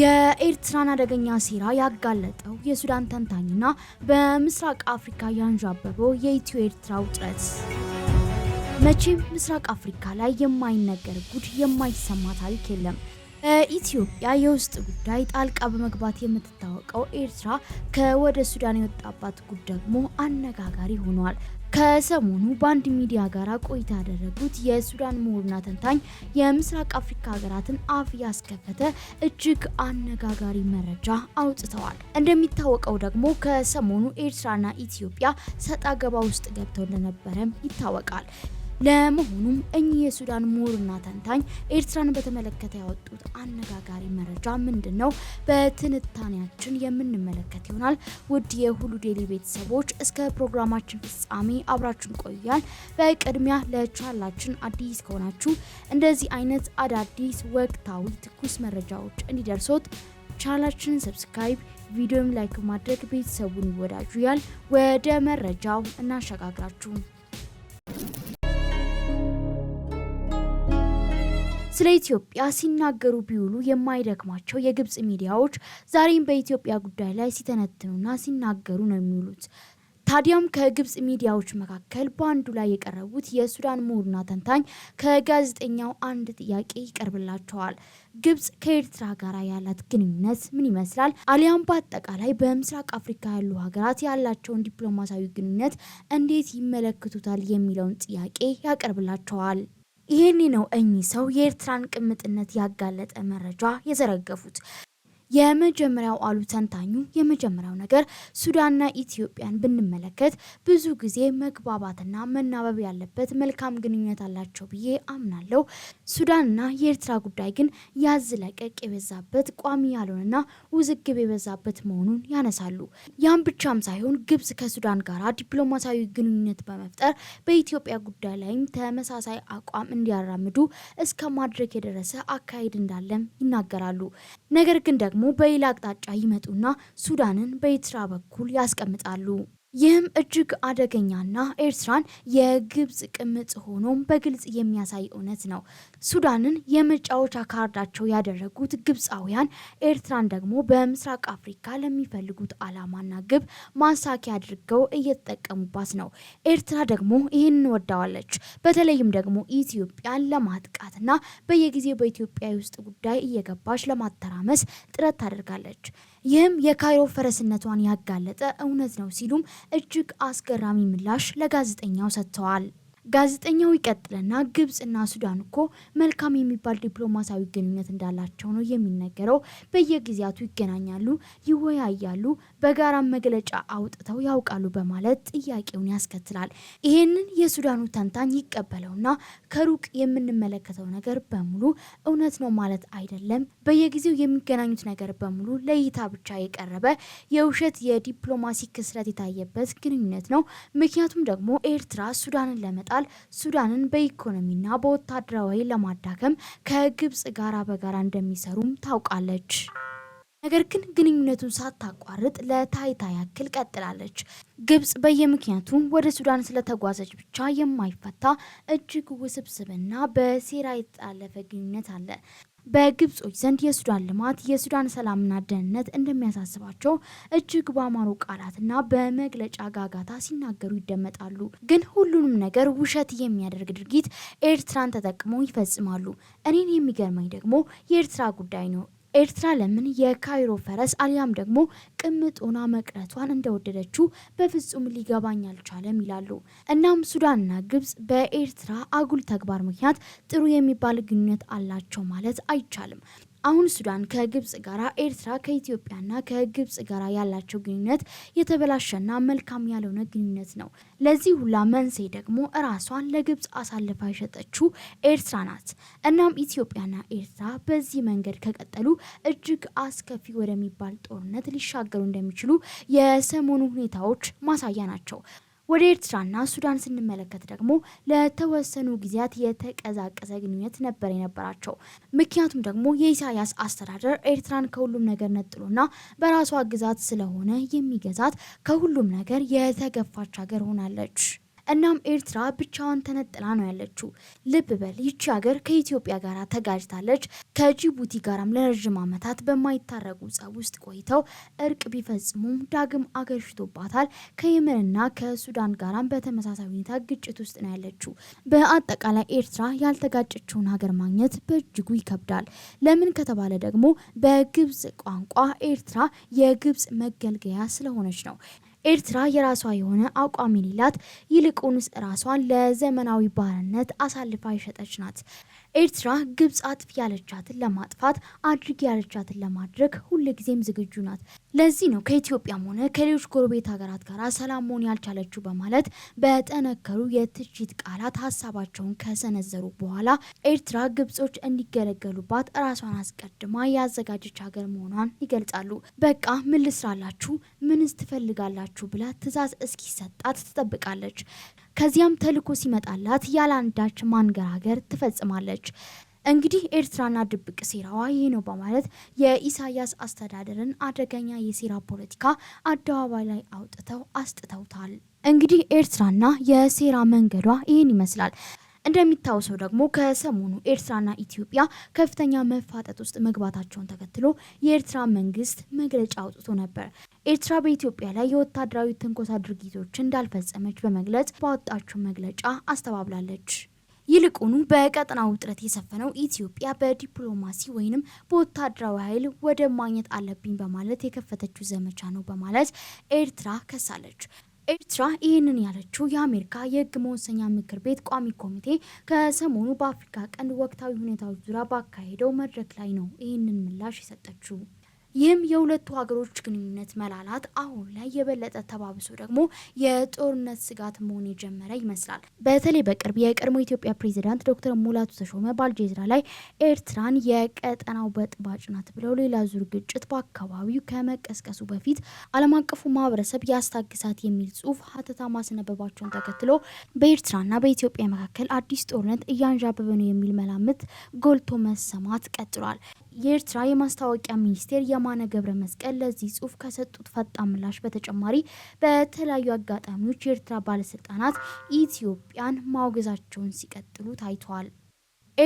የኤርትራን አደገኛ ሴራ ያጋለጠው የሱዳን ተንታኝና በምስራቅ አፍሪካ ያንዣበበው የኢትዮ ኤርትራ ውጥረት። መቼም ምስራቅ አፍሪካ ላይ የማይነገር ጉድ፣ የማይሰማ ታሪክ የለም። በኢትዮጵያ የውስጥ ጉዳይ ጣልቃ በመግባት የምትታወቀው ኤርትራ ከወደ ሱዳን የወጣባት ጉድ ደግሞ አነጋጋሪ ሆኗል። ከሰሞኑ በአንድ ሚዲያ ጋር ቆይታ ያደረጉት የሱዳን ምሁርና ተንታኝ የምስራቅ አፍሪካ ሀገራትን አፍ ያስከፈተ እጅግ አነጋጋሪ መረጃ አውጥተዋል። እንደሚታወቀው ደግሞ ከሰሞኑ ኤርትራና ኢትዮጵያ ሰጣ ገባ ውስጥ ገብተው እንደነበረም ይታወቃል። ለመሆኑም እኚህ የሱዳን ምሁርና ተንታኝ ኤርትራን በተመለከተ ያወጡት አነጋጋሪ መረጃ ምንድን ነው? በትንታኔያችን የምንመለከት ይሆናል። ውድ የሁሉ ዴይሊ ቤተሰቦች እስከ ፕሮግራማችን ፍጻሜ አብራችን ቆያል። በቅድሚያ ለቻላችን አዲስ ከሆናችሁ እንደዚህ አይነት አዳዲስ ወቅታዊ ትኩስ መረጃዎች እንዲደርሶት ቻላችንን ሰብስክራይብ ቪዲዮም ላይክ ማድረግ ቤተሰቡን ይወዳጁ። ያል ወደ መረጃው እናሸጋግራችሁ። ስለ ኢትዮጵያ ሲናገሩ ቢውሉ የማይደክማቸው የግብጽ ሚዲያዎች ዛሬም በኢትዮጵያ ጉዳይ ላይ ሲተነትኑና ሲናገሩ ነው የሚውሉት። ታዲያም ከግብጽ ሚዲያዎች መካከል በአንዱ ላይ የቀረቡት የሱዳን ምሁርና ተንታኝ ከጋዜጠኛው አንድ ጥያቄ ይቀርብላቸዋል። ግብጽ ከኤርትራ ጋር ያላት ግንኙነት ምን ይመስላል? አሊያም በአጠቃላይ በምስራቅ አፍሪካ ያሉ ሀገራት ያላቸውን ዲፕሎማሲያዊ ግንኙነት እንዴት ይመለከቱታል? የሚለውን ጥያቄ ያቀርብላቸዋል። ይህን ነው እኚህ ሰው የኤርትራን ቅምጥነት ያጋለጠ መረጃ የዘረገፉት። የመጀመሪያው አሉ ተንታኙ። የመጀመሪያው ነገር ሱዳንና ኢትዮጵያን ብንመለከት ብዙ ጊዜ መግባባትና መናበብ ያለበት መልካም ግንኙነት አላቸው ብዬ አምናለሁ። ሱዳንና የኤርትራ ጉዳይ ግን ያዝ ለቀቅ የበዛበት ቋሚ ያልሆነና ውዝግብ የበዛበት መሆኑን ያነሳሉ። ያም ብቻም ሳይሆን ግብጽ ከሱዳን ጋር ዲፕሎማሲያዊ ግንኙነት በመፍጠር በኢትዮጵያ ጉዳይ ላይም ተመሳሳይ አቋም እንዲያራምዱ እስከ ማድረግ የደረሰ አካሄድ እንዳለም ይናገራሉ። ነገር ግን ደግሞ ደግሞ በሌላ አቅጣጫ ይመጡና ሱዳንን በኤርትራ በኩል ያስቀምጣሉ። ይህም እጅግ አደገኛና ኤርትራን የግብጽ ቅምጽ ሆኖም በግልጽ የሚያሳይ እውነት ነው። ሱዳንን የመጫወቻ ካርዳቸው ያደረጉት ግብፃውያን ኤርትራን ደግሞ በምስራቅ አፍሪካ ለሚፈልጉት ዓላማና ግብ ማሳኪያ አድርገው እየተጠቀሙባት ነው። ኤርትራ ደግሞ ይህን ወዳዋለች። በተለይም ደግሞ ኢትዮጵያን ለማጥቃትና በየጊዜው በኢትዮጵያ ውስጥ ጉዳይ እየገባች ለማተራመስ ጥረት ታደርጋለች። ይህም የካይሮ ፈረስነቷን ያጋለጠ እውነት ነው ሲሉም እጅግ አስገራሚ ምላሽ ለጋዜጠኛው ሰጥተዋል። ጋዜጠኛው ይቀጥልና ግብጽና ሱዳን እኮ መልካም የሚባል ዲፕሎማሲያዊ ግንኙነት እንዳላቸው ነው የሚነገረው። በየጊዜያቱ ይገናኛሉ፣ ይወያያሉ፣ በጋራ መግለጫ አውጥተው ያውቃሉ በማለት ጥያቄውን ያስከትላል። ይህንን የሱዳኑ ተንታኝ ይቀበለውና ከሩቅ የምንመለከተው ነገር በሙሉ እውነት ነው ማለት አይደለም፣ በየጊዜው የሚገናኙት ነገር በሙሉ ለእይታ ብቻ የቀረበ የውሸት የዲፕሎማሲ ክስረት የታየበት ግንኙነት ነው። ምክንያቱም ደግሞ ኤርትራ ሱዳንን ለመጣል ሱዳንን በኢኮኖሚና በወታደራዊ ለማዳከም ከግብጽ ጋራ በጋራ እንደሚሰሩም ታውቃለች። ነገር ግን ግንኙነቱን ሳታቋርጥ ለታይታ ያክል ቀጥላለች። ግብጽ በየምክንያቱ ወደ ሱዳን ስለተጓዘች ብቻ የማይፈታ እጅግ ውስብስብና በሴራ የተጣለፈ ግንኙነት አለ። በግብጾች ዘንድ የሱዳን ልማት፣ የሱዳን ሰላምና ደህንነት እንደሚያሳስባቸው እጅግ በአማሮ ቃላትና በመግለጫ ጋጋታ ሲናገሩ ይደመጣሉ። ግን ሁሉንም ነገር ውሸት የሚያደርግ ድርጊት ኤርትራን ተጠቅመው ይፈጽማሉ። እኔን የሚገርመኝ ደግሞ የኤርትራ ጉዳይ ነው። ኤርትራ ለምን የካይሮ ፈረስ አሊያም ደግሞ ቅምጦና መቅረቷን እንደወደደችው በፍጹም ሊገባኝ አልቻለም ይላሉ። እናም ሱዳንና ግብጽ በኤርትራ አጉል ተግባር ምክንያት ጥሩ የሚባል ግንኙነት አላቸው ማለት አይቻልም። አሁን ሱዳን ከግብጽ ጋር፣ ኤርትራ ከኢትዮጵያና ከግብጽ ጋር ያላቸው ግንኙነት የተበላሸና መልካም ያልሆነ ግንኙነት ነው። ለዚህ ሁላ መንስኤ ደግሞ እራሷን ለግብጽ አሳልፋ የሸጠችው ኤርትራ ናት። እናም ኢትዮጵያና ኤርትራ በዚህ መንገድ ከቀጠሉ እጅግ አስከፊ ወደሚባል ጦርነት ሊሻገሩ እንደሚችሉ የሰሞኑ ሁኔታዎች ማሳያ ናቸው። ወደ ኤርትራና ሱዳን ስንመለከት ደግሞ ለተወሰኑ ጊዜያት የተቀዛቀዘ ግንኙነት ነበር የነበራቸው። ምክንያቱም ደግሞ የኢሳያስ አስተዳደር ኤርትራን ከሁሉም ነገር ነጥሎና በራሷ ግዛት ስለሆነ የሚገዛት ከሁሉም ነገር የተገፋች ሀገር ሆናለች። እናም ኤርትራ ብቻዋን ተነጥላ ነው ያለችው። ልብ በል ይቺ ሀገር ከኢትዮጵያ ጋር ተጋጅታለች። ከጅቡቲ ጋራም ለረዥም ዓመታት በማይታረጉ ጸብ ውስጥ ቆይተው እርቅ ቢፈጽሙም ዳግም አገሽቶባታል። ከየመንና ከሱዳን ጋራም በተመሳሳይ ሁኔታ ግጭት ውስጥ ነው ያለችው። በአጠቃላይ ኤርትራ ያልተጋጨችውን ሀገር ማግኘት በእጅጉ ይከብዳል። ለምን ከተባለ ደግሞ በግብጽ ቋንቋ ኤርትራ የግብጽ መገልገያ ስለሆነች ነው። ኤርትራ የራሷ የሆነ አቋም የሌላት ይልቁንስ ራሷን ለዘመናዊ ባርነት አሳልፋ የሸጠች ናት። ኤርትራ ግብጽ አጥፊ ያለቻትን ለማጥፋት አድርጊ ያለቻትን ለማድረግ ሁልጊዜም ዝግጁ ናት። ለዚህ ነው ከኢትዮጵያም ሆነ ከሌሎች ጎረቤት ሀገራት ጋር ሰላም መሆን ያልቻለችው በማለት በጠነከሩ የትችት ቃላት ሀሳባቸውን ከሰነዘሩ በኋላ ኤርትራ ግብጾች እንዲገለገሉባት ራሷን አስቀድማ ያዘጋጀች ሀገር መሆኗን ይገልጻሉ። በቃ ምን ልስራላችሁ፣ ምንስ ትፈልጋላችሁ ብላ ትዕዛዝ እስኪሰጣት ትጠብቃለች። ከዚያም ተልኮ ሲመጣላት ያለአንዳች ማንገራገር ትፈጽማለች። እንግዲህ ኤርትራና ድብቅ ሴራዋ ይህ ነው በማለት የኢሳያስ አስተዳደርን አደገኛ የሴራ ፖለቲካ አደባባይ ላይ አውጥተው አስጥተውታል። እንግዲህ ኤርትራና የሴራ መንገዷ ይህን ይመስላል። እንደሚታወሰው ደግሞ ከሰሞኑ ኤርትራና ኢትዮጵያ ከፍተኛ መፋጠጥ ውስጥ መግባታቸውን ተከትሎ የኤርትራ መንግስት መግለጫ አውጥቶ ነበር። ኤርትራ በኢትዮጵያ ላይ የወታደራዊ ትንኮሳ ድርጊቶች እንዳልፈጸመች በመግለጽ ባወጣችው መግለጫ አስተባብላለች። ይልቁኑ በቀጠና ውጥረት የሰፈነው ኢትዮጵያ በዲፕሎማሲ ወይንም በወታደራዊ ኃይል ወደ ማግኘት አለብኝ በማለት የከፈተችው ዘመቻ ነው በማለት ኤርትራ ከሳለች። ኤርትራ ይህንን ያለችው የአሜሪካ የህግ መወሰኛ ምክር ቤት ቋሚ ኮሚቴ ከሰሞኑ በአፍሪካ ቀንድ ወቅታዊ ሁኔታዎች ዙሪያ ባካሄደው መድረክ ላይ ነው። ይህንን ምላሽ የሰጠችው ይህም የሁለቱ ሀገሮች ግንኙነት መላላት አሁን ላይ የበለጠ ተባብሶ ደግሞ የጦርነት ስጋት መሆን የጀመረ ይመስላል። በተለይ በቅርብ የቀድሞ ኢትዮጵያ ፕሬዚዳንት ዶክተር ሙላቱ ተሾመ በአልጀዚራ ላይ ኤርትራን የቀጠናው በጥባጭ ናት ብለው ሌላ ዙር ግጭት በአካባቢው ከመቀስቀሱ በፊት ዓለም አቀፉ ማህበረሰብ ያስታግሳት የሚል ጽሁፍ ሀተታ ማስነበባቸውን ተከትሎ በኤርትራና በኢትዮጵያ መካከል አዲስ ጦርነት እያንዣበበ ነው የሚል መላምት ጎልቶ መሰማት ቀጥሏል። የኤርትራ የማስታወቂያ ሚኒስቴር የማነ ገብረ መስቀል ለዚህ ጽሁፍ ከሰጡት ፈጣን ምላሽ በተጨማሪ በተለያዩ አጋጣሚዎች የኤርትራ ባለስልጣናት ኢትዮጵያን ማውገዛቸውን ሲቀጥሉ ታይተዋል።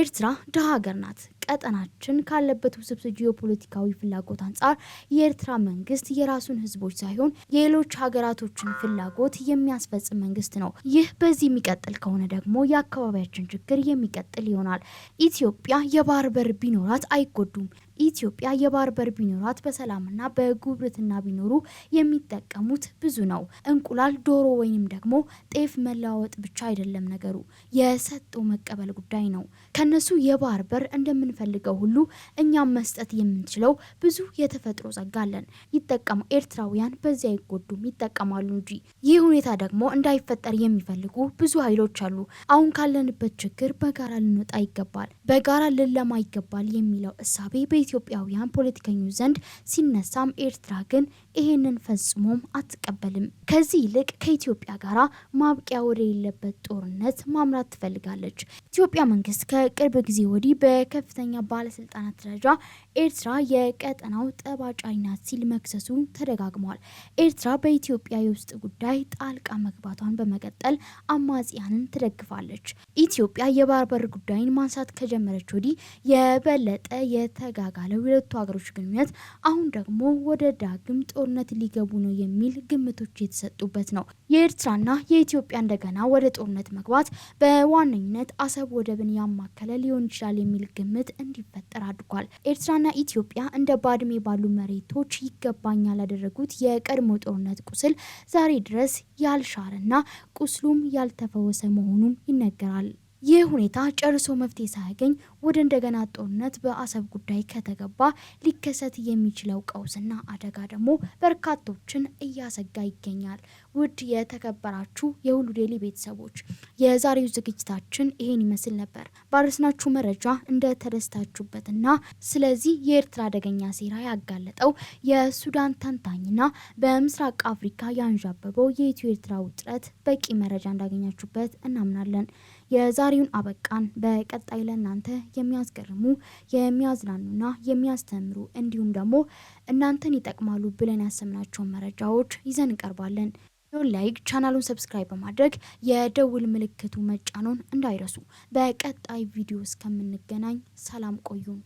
ኤርትራ ድሃ ሀገር ናት። ቀጠናችን ካለበት ውስብስብ ጂኦፖለቲካዊ ፍላጎት አንጻር የኤርትራ መንግስት የራሱን ህዝቦች ሳይሆን የሌሎች ሀገራቶችን ፍላጎት የሚያስፈጽም መንግስት ነው። ይህ በዚህ የሚቀጥል ከሆነ ደግሞ የአካባቢያችን ችግር የሚቀጥል ይሆናል። ኢትዮጵያ የባህር በር ቢኖራት አይጎዱም። ኢትዮጵያ የባህር በር ቢኖራት በሰላምና በጉርብትና ቢኖሩ የሚጠቀሙት ብዙ ነው። እንቁላል፣ ዶሮ ወይም ደግሞ ጤፍ መለዋወጥ ብቻ አይደለም ነገሩ፣ የሰጠው መቀበል ጉዳይ ነው። ከነሱ የባህር በር እንደምንፈልገው ሁሉ እኛም መስጠት የምንችለው ብዙ የተፈጥሮ ጸጋ አለን። ይጠቀሙ ኤርትራውያን በዚያ አይጎዱም፣ ይጠቀማሉ እንጂ። ይህ ሁኔታ ደግሞ እንዳይፈጠር የሚፈልጉ ብዙ ኃይሎች አሉ። አሁን ካለንበት ችግር በጋራ ልንወጣ ይገባል፣ በጋራ ልንለማ ይገባል የሚለው እሳቤ በኢትዮጵያውያን ፖለቲከኞች ዘንድ ሲነሳም ኤርትራ ግን ይሄንን ፈጽሞም አትቀበልም። ከዚህ ይልቅ ከኢትዮጵያ ጋራ ማብቂያ ወደ የለበት ጦርነት ማምራት ትፈልጋለች። ኢትዮጵያ መንግስት ከቅርብ ጊዜ ወዲህ በከፍተኛ ከፍተኛ ባለስልጣናት ደረጃ ኤርትራ የቀጠናው ጠባጫኝ ናት ሲል መክሰሱ ተደጋግሟል። ኤርትራ በኢትዮጵያ የውስጥ ጉዳይ ጣልቃ መግባቷን በመቀጠል አማጽያንን ትደግፋለች። ኢትዮጵያ የባህር በር ጉዳይን ማንሳት ከጀመረች ወዲህ የበለጠ የተጋጋለው የሁለቱ ሀገሮች ግንኙነት አሁን ደግሞ ወደ ዳግም ጦርነት ሊገቡ ነው የሚል ግምቶች የተሰጡበት ነው። የኤርትራና የኢትዮጵያ እንደገና ወደ ጦርነት መግባት በዋነኝነት አሰብ ወደብን ያማከለ ሊሆን ይችላል የሚል ግምት እንዲፈጠር አድርጓል። ኤርትራ ኤርትራና ኢትዮጵያ እንደ ባድሜ ባሉ መሬቶች ይገባኛል ያደረጉት የቀድሞ ጦርነት ቁስል ዛሬ ድረስ ያልሻረና ቁስሉም ያልተፈወሰ መሆኑም ይነገራል። ይህ ሁኔታ ጨርሶ መፍትሄ ሳያገኝ ወደ እንደገና ጦርነት በአሰብ ጉዳይ ከተገባ ሊከሰት የሚችለው ቀውስና አደጋ ደግሞ በርካቶችን እያሰጋ ይገኛል። ውድ የተከበራችሁ የሁሉ ዴይሊ ቤተሰቦች የዛሬው ዝግጅታችን ይሄን ይመስል ነበር። ባረስናችሁ መረጃ ተደስታችሁበትና ስለዚህ የኤርትራ አደገኛ ሴራ ያጋለጠው የሱዳን ተንታኝና በምስራቅ አፍሪካ ያንዣበበው የኢትዮ ኤርትራ ውጥረት በቂ መረጃ እንዳገኛችሁበት እናምናለን። የዛሬውን አበቃን። በቀጣይ ለእናንተ የሚያስገርሙ የሚያዝናኑና የሚያስተምሩ እንዲሁም ደግሞ እናንተን ይጠቅማሉ ብለን ያሰምናቸውን መረጃዎች ይዘን እንቀርባለን። ላይክ ቻናሉን ሰብስክራይብ በማድረግ የደውል ምልክቱ መጫኖን እንዳይረሱ። በቀጣይ ቪዲዮ እስከምንገናኝ ሰላም ቆዩን።